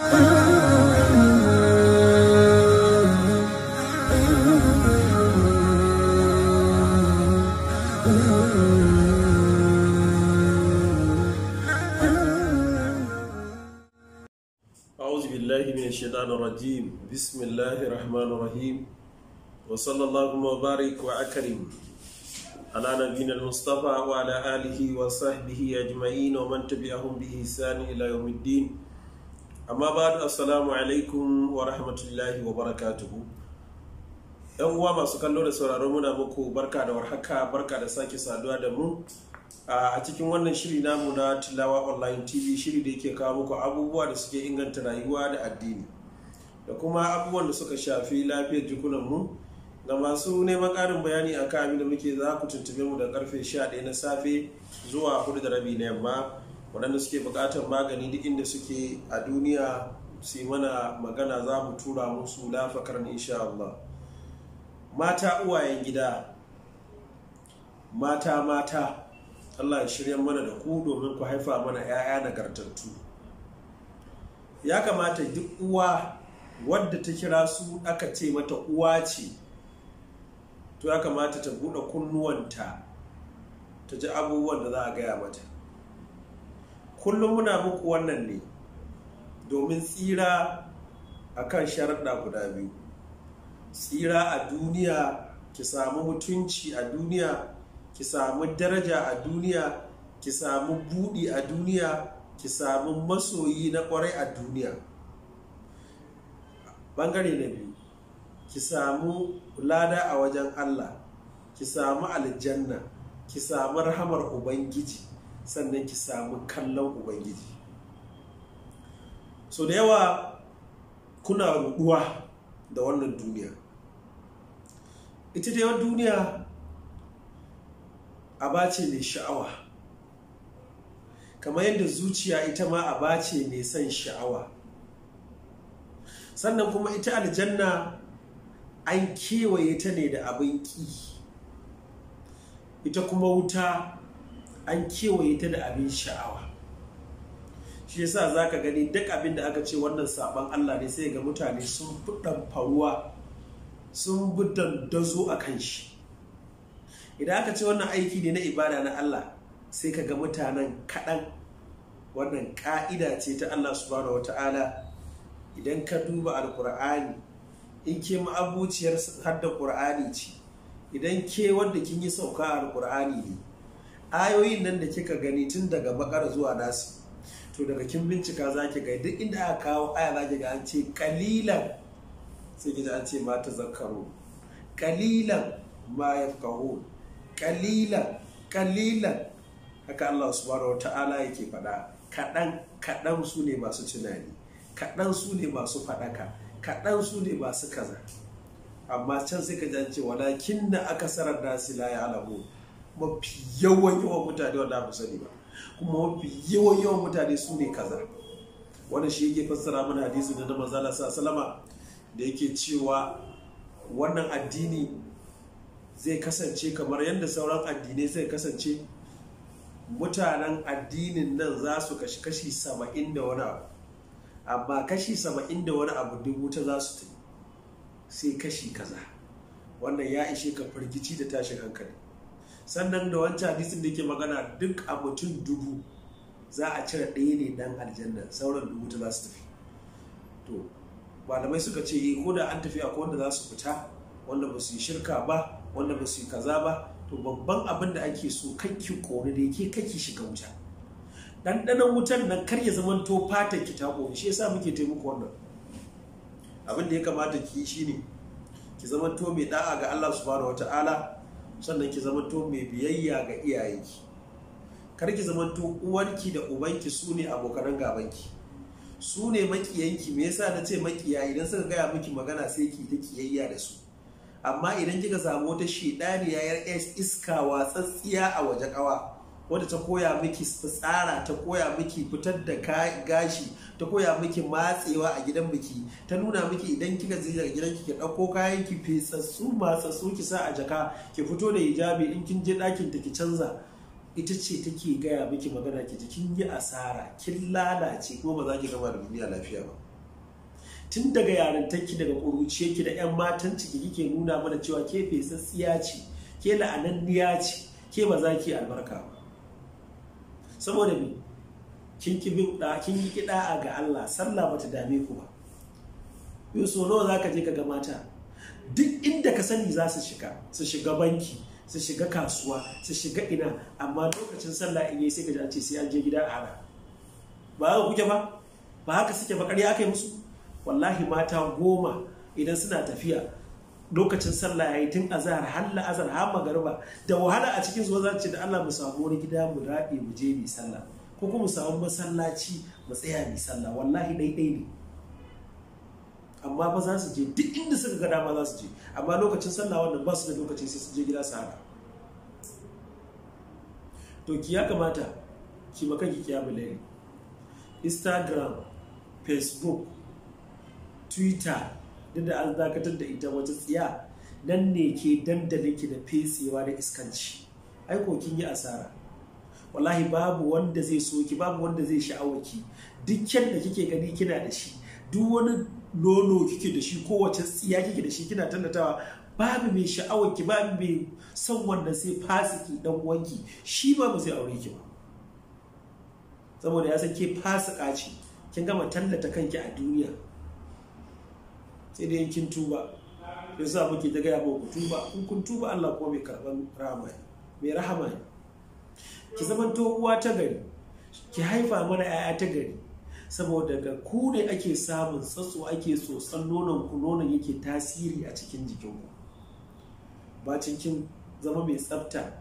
بالله من الشيطان الرجيم بسم الله الرحمن الرحيم وصلى الله وبارك وأكرم على نبينا المصطفى وعلى آله وصحبه أجمعين ومن تبعهم بإحسان إلى يوم الدين amma ba da assalamu alaikum wa rahmatullahi wa barakatuhu yan uwa masu kallo da sauraro muna muku barka da warhaka barka da sake saduwa da mu a cikin wannan shiri namu na tilawa online tv shiri da yake kawo muku abubuwa da suke inganta rayuwa da addini da kuma abubuwan da suka shafi lafiyar jikunan mu ga masu neman ƙarin bayani a kan da muke za ku tuntube mu da karfe 11 na safe zuwa 4 da rabi na yamma waɗanda suke buƙatar magani duk inda suke a duniya su mana magana za mu tura musu lafakar insha Allah mata uwayen gida mata mata Allah ya shirya mana da ku domin ku haifa mana 'ya'ya nagartattu ya kamata duk uwa wadda ta kira su aka ce mata uwa ce to ya kamata ta buɗe kunnuwanta ta ji abubuwan da za a gaya mata kullum muna muku wannan ne domin tsira a kan sharaɗa guda biyu tsira a duniya ki samu mutunci a duniya ki samu daraja a duniya ki samu buɗi a duniya ki samu masoyi na ƙwarai a duniya ɓangare na biyu ki samu lada a wajen allah ki samu aljanna ki samu rahamar ubangiji sannan ki samu kallon ubangiji so da yawa kuna ruɗuwa da wannan duniya ita da yawan duniya aba ce mai sha'awa kamar yadda zuciya ita ma aba ce mai son sha'awa sannan kuma ita aljanna an kewaye ta ne da abin ƙi ita kuma wuta an kewaye ta da abin sha'awa shi yasa za ka gani duk abin da aka ce wannan sabon Allah ne sai ga mutane sun fi faruwa sun bi dandazo a kan shi idan aka ce wannan aiki ne na ibada na Allah sai ka ga mutanen kaɗan wannan ƙa'ida ce ta Allah subhanahu ta'ala idan ka duba alkur'ani in ke ma'abuciyar hadda ƙur'ani ce idan ke wanda kin yi sauka alkur'ani ne ayoyin nan da kika gani tun daga bakar zuwa nasi to daga kin bincika za ki ga duk inda aka kawo aya za ki ga an ce kalilan sai ki an ce ma ta zakaru kalilan ma ya kaho kalilan kalilan haka Allah subhanahu ta'ala yake faɗa kaɗan kaɗan su ne masu tunani kaɗan su ne masu faɗaka kaɗan su ne masu kaza amma can sai ka ji an ce walakin na nasi la ya alamu mafi yawan yawan mutane wanda ba sani ba kuma mafi yawan yawan mutane su ne kaza wanda shi yake fassara mana hadisi da na manzala sa salama da yake cewa wannan addini zai kasance kamar yadda sauran addinai zai kasance mutanen addinin nan za su kashi kashi saba'in da wani abu amma kashi saba'in da wani abu dubu ta za su ta sai kashi kaza wannan ya ishe ka firgici da tashin hankali sannan da wancan hadisin da ke magana duk a mutum dubu za a cire ɗaya ne dan aljanna sauran dubu ta za su tafi to malamai suka ce eh, ko da an tafi akwai wanda za su fita wanda ba su yi shirka ba wanda ba su yi kaza ba to babban abin da ake so kakki kori da yake kakki shiga wuta ɗanɗanon wutan nan kar ya zama to fata ki ta ƙofi shi yasa muke taimako wannan abin da ya kamata ki yi shine ki zama to mai da'a ga Allah subhanahu wata'ala sannan ki zamanto mai biyayya ga iyayenki kar ki zamanto uwarki da ubanki su ne abokanan gabanki su ne makiyanki me yasa na ce makiya idan suka gaya miki magana sai ki ta kiyayya da su amma idan kika samu wata shidani yar iska watsatsiya a waje kawa wadda ta koya miki tsara ta koya miki fitar da gashi ta koya miki matsewa a gidan biki ta nuna miki idan kika je gidan ki ɗauko kayan ki masu su ki sa a jaka ki fito da hijabi in kin je ɗakin ta ki canza ita ce take gaya miki magana ki kin yi asara kin lalace kuma ba za ki gama da duniya lafiya ba tun daga yarintarki daga ƙuruciyarki da 'yan matan ciki kike nuna mana cewa ke fesassiya ce ke la'ananniya ce ke ba za ki albarka ba saboda me kin ki bi da kin yi kida ga Allah sallah bata dame ku ba yau so nawa zaka je ka ga mata duk inda ka sani za su shiga su shiga banki su shiga kasuwa su shiga ina amma lokacin sallah in yi sai ka ji an sai an je gida a ba haka kuke ba ba haka suke ba ƙarya aka yi musu wallahi mata goma idan suna tafiya lokacin sallah ya yi tun azar, har la'azar har magariba da wahala a cikin su ce da Allah mu samu wani gida mu rabe mu je mu sallah ko kuma mu samu masallaci mu tsaya mu sallah wallahi daidai ne amma ba za su je duk inda suka ga dama za su je amma lokacin sallah wannan ba su da lokaci sai su je gida su haka to ki ya kamata ki maka ki kiyamu instagram facebook twitter duk da an dakatar da ita wata tsiya nan ne ke dandalin ki da fesewa da iskanci Aiko kin yi asara wallahi babu wanda zai so ki babu wanda zai sha'awa ki dukkan da kike gani kina da shi duk wani nono kike da shi ko kowace tsiya kike da shi kina tallatawa babu mai sha'awar ki babu mai son wanda sai fasiki dan wanki. shi babu sai zai aure ki ba saboda ya san ke fasika ce kin gama tallata kanki a duniya sai dai kin tuba sa muke ta gaya ba ku tuba in kun tuba Allah ko mai karban rahama ne mai rahama ne ki zamanto uwa ta gari ki haifa mana 'ya'ya ta gari saboda ga ku ne ake samun tsatso ake san nonon ku nonon yake tasiri a cikin jikin ku bacin kin zama mai tsafta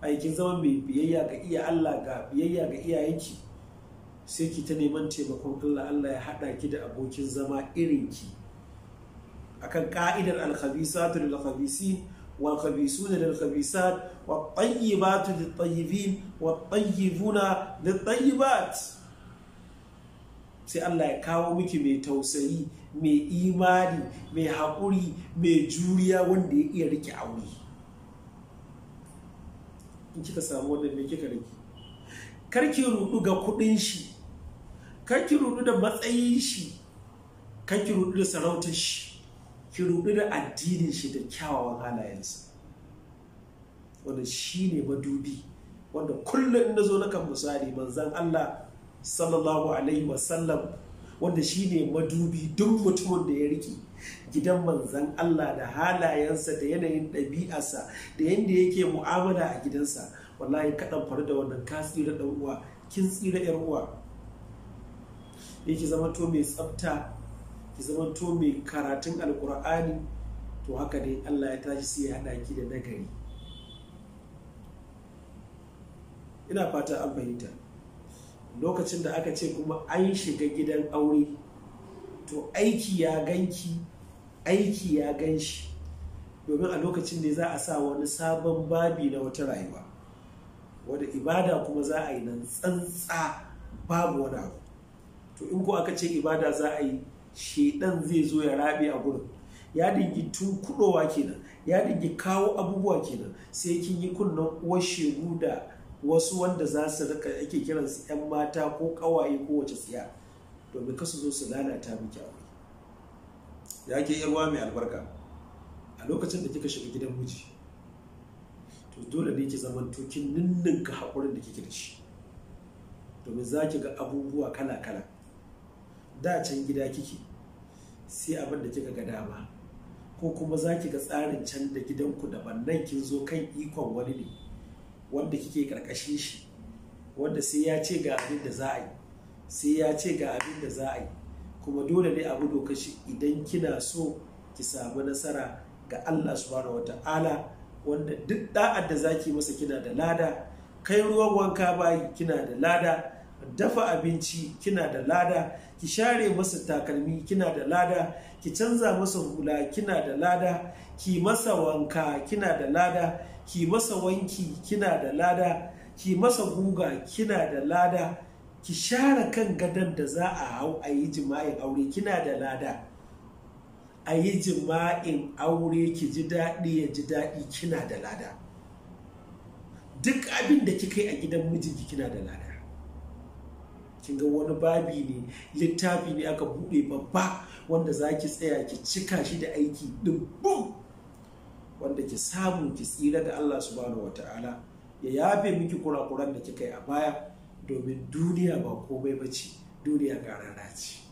aikin zama mai biyayya ga iya Allah ga biyayya ga iyayenki sai ki ta neman taimakon Allah Allah ya haɗa ki da abokin zama irin ki. akan ka'idar al-khabisatu lil-khabisin wal khabisuna lil-khabisat wat tayyibatu lit-tayyibin buna tayyibuna lit-tayyibat sai Allah ya kawo miki mai tausayi mai imani mai haƙuri mai juriya wanda ya iya rike aure in kika samu wannan me kika rike karki rudu ga kudin shi karki rudu da matsayin shi karki rudu da sarautar shi ki ruɗu da addinin shi da kyawawan halayensa wanda shi ne madubi wanda kullum na zo na kan misali manzan Allah sallallahu alaihi wasallam wanda shi ne madubi duk mutumin da ya riki gidan manzan Allah da halayensa da yanayin ɗabi'arsa da yadda yake mu'amala a gidansa wallahi kaɗan faru da wannan ka tsira ɗan uwa kin tsira 'yar uwa yake zama to mai tsafta ki zama to mai karatun alkur'ani to haka dai Allah ya tashi sai ya hada ki da nagari ina fata an fahimta lokacin da aka ce kuma an shiga gidan aure to aiki ya ganki aiki ya ganshi domin a lokacin da za a sa wani sabon babi na wata rayuwa wadda ibada kuma za a yi nan tsantsa babu wani abu to in ko aka ce ibada za a yi shedan zai zo ya rabe a gurin ya dingi tunkuɗowa kenan ya dingi kawo abubuwa kenan sai kin yi kunnan uwar shegu da wasu wanda za su rika ake kiransu 'yan mata ko ƙawaye ko wace tsiya domin kasu zo su lalata miki aure ya ke yarwa mai albarka a lokacin da kika shiga gidan miji to dole ne ki zama tokin ninninka haƙurin da kike da shi domin za ki ga abubuwa kala-kala da can gida kike sai abin da kika ga dama ko kuma za ki ga tsarin can da gidanku da nan kin zo kan ikon wani ne wanda kike karkashin shi wanda sai ya ce ga abin da za a yi sai ya ce ga abin da za a yi kuma dole ne abu doka shi idan kina so ki samu nasara ga Allah subhanahu wata'ala wanda duk da'ar da zaki masa kina da lada kai ruwan wanka bayi kina da lada dafa abinci kina da lada ki share masa takalmi kina da lada ki canza masa hula kina da lada ki masa wanka kina da lada ki masa wanki kina da lada ki masa guga kina da lada ki share kan gadon da za a hau a yi jima'in aure kina da lada a yi jima'in aure ki ji daɗi ya ji daɗi kina da lada duk abin da kika yi a gidan mijinki kina da lada kin ga wani babi ne littafi ne aka buɗe babba wanda za ki tsaya ki cika shi da aiki dubbun wanda ki samu ki tsira da Allah subhanahu wata'ala ya yafe miki kurakuran da kika yi a baya domin duniya ba komai bace duniya karara ce